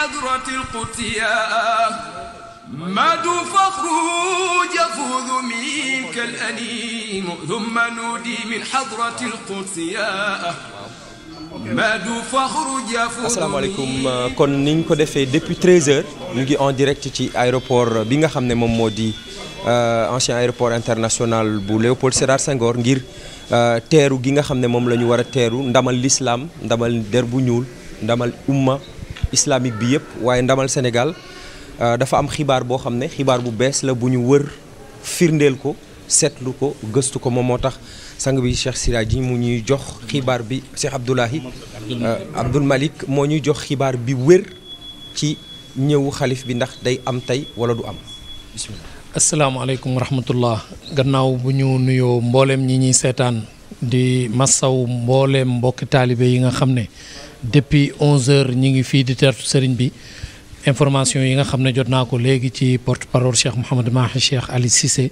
حضرة القدسية kon ni ñu ko defee depuis 13h ñu ngi en direct ci aéroport bi nga xam ne moom moo di euh, ancien aéroport international bu Léopold Sédar Senghor ngir euh, teeru gi nga xam ne moom lañu ñu war a teeru ndamal l'islam ndamal der bu ñuul ndamal umma islamique bi yëpp waaye ndamal senegal euh, dafa am xibaar boo xam ne xibaar bu bees la bu ñu wër firndeel ko seetlu ko gëstu ko moom moo tax sang bi Cheikh ji mu ñuy jox xibaar bi Cheikh Abdoulahi euh, Abdoul Malik moo ñuy jox xibaar bi wër ci ñëwu xalif bi ndax day am tey wala du am bismillah asalaamaaleykum wa rahmatullah gannaaw bu ñu nuyoo mbooleem ñi ñuy seetaan di ma massaw mbooleem mbokki taalibe yi nga xam ne depuis 11h ñu ngi fii di tertu sëriñ bi information yi nga xam ne jot naa ko léegi ci porte parole Cheikh Mouhamed Mahi Cheikh Ali Cissé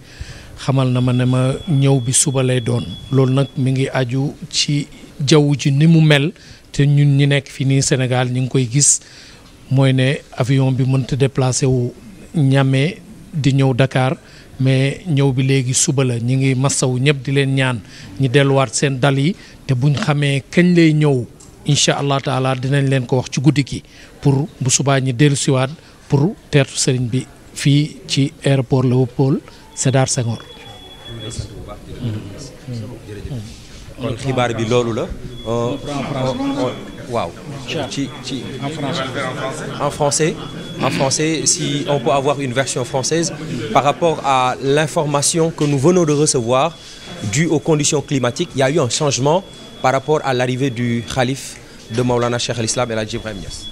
xamal na ma ne ma ñëw bi suba lay doon loolu nag mi ngi aju ci jaww ji ni mu mel te ñun ñi nekk fi nii Sénégal ñu ngi koy gis mooy ne avion bi mënta déplacé wu ñamee di ñëw Dakar mais ñëw bi léegi suba la ñu ngi massaw ñëpp di leen ñaan ñi delluwaat seen dal yi te buñ xamee kañ lay ñëw incha allah taala dinañ leen ko wax ci guddi gi pour bu subaa ñi dellu pour teertu sëriñ bi fii ci aéroport Léopold Sédar Senghor. kon xibaar bi loolu la. Euh, euh, waaw. ci ci en français. en français en français si on peut avoir une version française par rapport à l'information que nous venons de recevoir due aux conditions climatiques y a eu un changement. par rapport à l'arrivée du calife de Maulana Cheikh al-Islam El Hadji Ibrahim Niass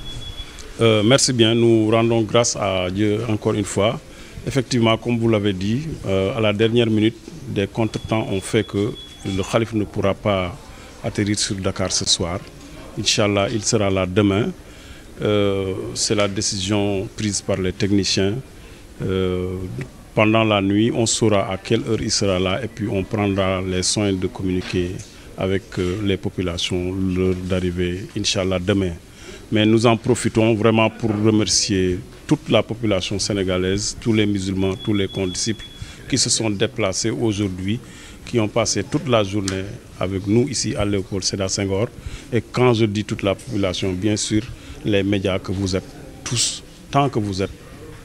euh, merci bien nous rendons grâce à Dieu fois effectivement comme vous l'avez dit euh, à la dernière minute des contretemps ont fait que le calife ne pourra pas atterrir sur Dakar ce soir Inch'Allah il sera là demain euh, c'est la décision prise par les techniciens pendant la nuit on saura à quelle heure il sera là et puis on prendra les soins de communiquer avec euh, les populations, l'heure d'arrivée, Inch'Allah, demain. Mais nous en profitons vraiment pour remercier toute la population sénégalaise, tous les musulmans, tous les condisciples qui se sont déplacés aujourd'hui, qui ont passé toute la journée avec nous ici à Léopold Sédar Senghor. Et quand je dis toute la population, bien sûr, les médias que vous êtes tous, tant que vous êtes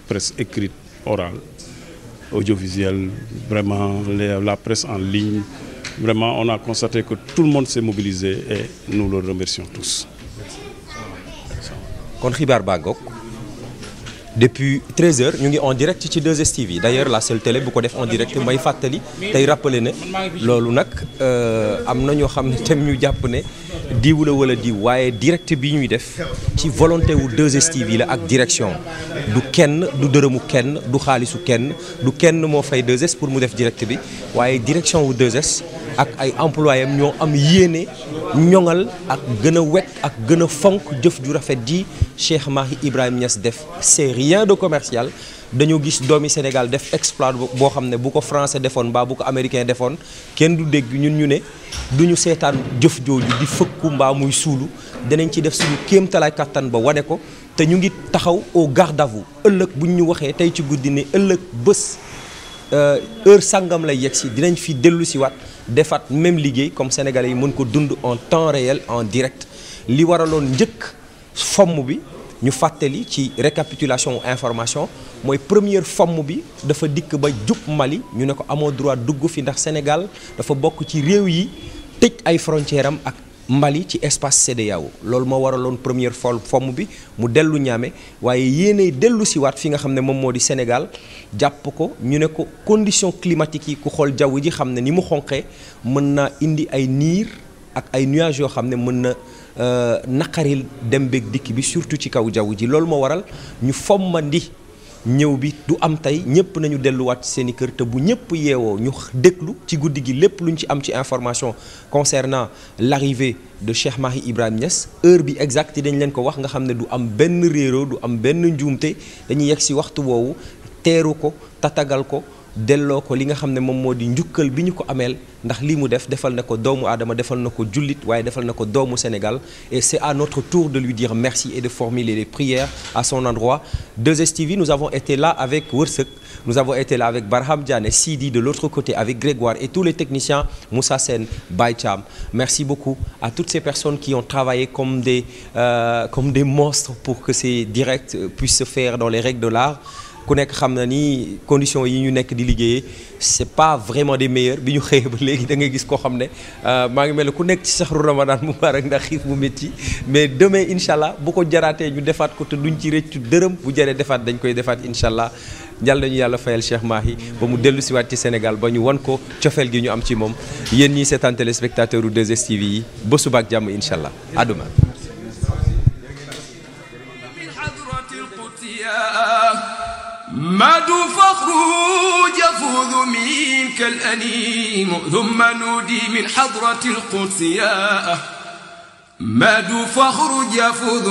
presse écrite, orale, audiovisuelle, vraiment les, la presse en ligne, Vraiment, on a constaté que tout le monde s'est mobilisé et kon xibaar baa ngoog depuis 13h ñu ngi en direct ci 2STV d'ailleurs la seule télé bu ko def en direct may fàttali tey rappelé ne loolu nag euh, am na ñoo xam ne tam ñu jàpp ne diw wala diw waaye direct bi ñuy def ci volonté wu 2STV la ak direction du kenn du dërëmu kenn du xaalisu kenn du kenn moo fay 2 pour mu def direct bi waaye direction wu 2S ak ay employés am ñoo am yéene ñoŋal ak gën a wekk ak gën a fonk jëf ju rafet ji Cheikh Mahi Ibrahima Niass def c'est rien de commercial dañoo gis doomi Sénégal def exploit boo xam ne bu ko français defoon mbaa bu ko américain defoon kenn du dégg ñun ñu ne du ñu seetaan jëf jooju di fëkku mbaa muy suulu danañ ci def suñu kéemtalaay kattan ba wane ko te ñu ngi taxaw o garde à vous ëllëg buñ ñu waxee tey ci guddi ni ëllëg bés euh, heure sàngam lay yegg si dinañ fi dellu defaat même liggéey comme sénégalais yi mun ko dund en temps réel en direct li waraloon njëkk fomm bi ñu fàttali ci récapitulation information mooy première fomm bi dafa dikk ba jub Mali ñu ne ko amoo droit dugg fi ndax Sénégal dafa bokk ci réew yi tëj ay frontière am ak mbali ci espace CEDEAO loolu moo waraloon première fo fomm bi mu dellu ñaame waaye yéenay dellu si waat fi nga xam ne moom moo di Sénégal jàpp ko ñu ne ko condition climatique yi ku xool jaww ji xam ne ni mu xonqee mën naa indi ay niir ak ay nuages yoo xam ne mën na euh, naqaril dem beeg dikk bi surtout ci kaw jaww ji loolu moo waral ñu fommandi ñëw bi du am tey ñëpp nañu delluwaat ci seen i kër te bu ñëpp yeewoo ñu déglu ci guddi gi lépp lu luñ ci am ci information concernant l'arrivée de Cheikh Mahi Ibrahima Niass heure bi exacte dañ leen ko wax nga xam ne du am benn réeroo du am benn njuumte dañuy yegg si waxtu woowu teeru ko tatagal ko delloo ko li nga xam ne moom moo di njukkal bi ñu ko ameel ndax lii mu def defal na ko doomu aadama defal na ko jullit waaye defal na ko doomu Sénégal et c'est à notre tour de lui dire merci et de formuler des prières à son endroit 2STV nous avons été là avec Wërsëg nous avons été là avec Barham Diane et Sidi de l'autre côté avec Grégoire et tous les techniciens Moussa Sen Baye Cham merci beaucoup à toutes ces personnes qui ont travaillé comme des euh, comme des monstres pour que ces directs puissent se faire dans les de l'art ku nekk xam na ni conditions yi ñu nekk di liggéeyee c'est pas vraiment de meilleurs bi ñu xëyee ba léegi da ngay gis koo xam ne euh, maa ngi mel ne ku nekk ci saxru mu mubarak ndax xiif mu métti mais demain incha allah bu ko jaraatee ñu defaat ko te duñ ci rëccu dërëm bu jare defaat dañ koy defaat incha allah njal nañu yàlla fayal Cheikh Mahi ba mu dellu siwaat ci Sénégal ba ñu wan ko cofeel gi ñu am ci moom yéen ñii seetaan téléspectateur u 2 yi ba subaak jàmm incha allah aduma مد فخر يفوذ منك الأنيم ثم نودي من حضرة القدس يا مد فخر يفوذ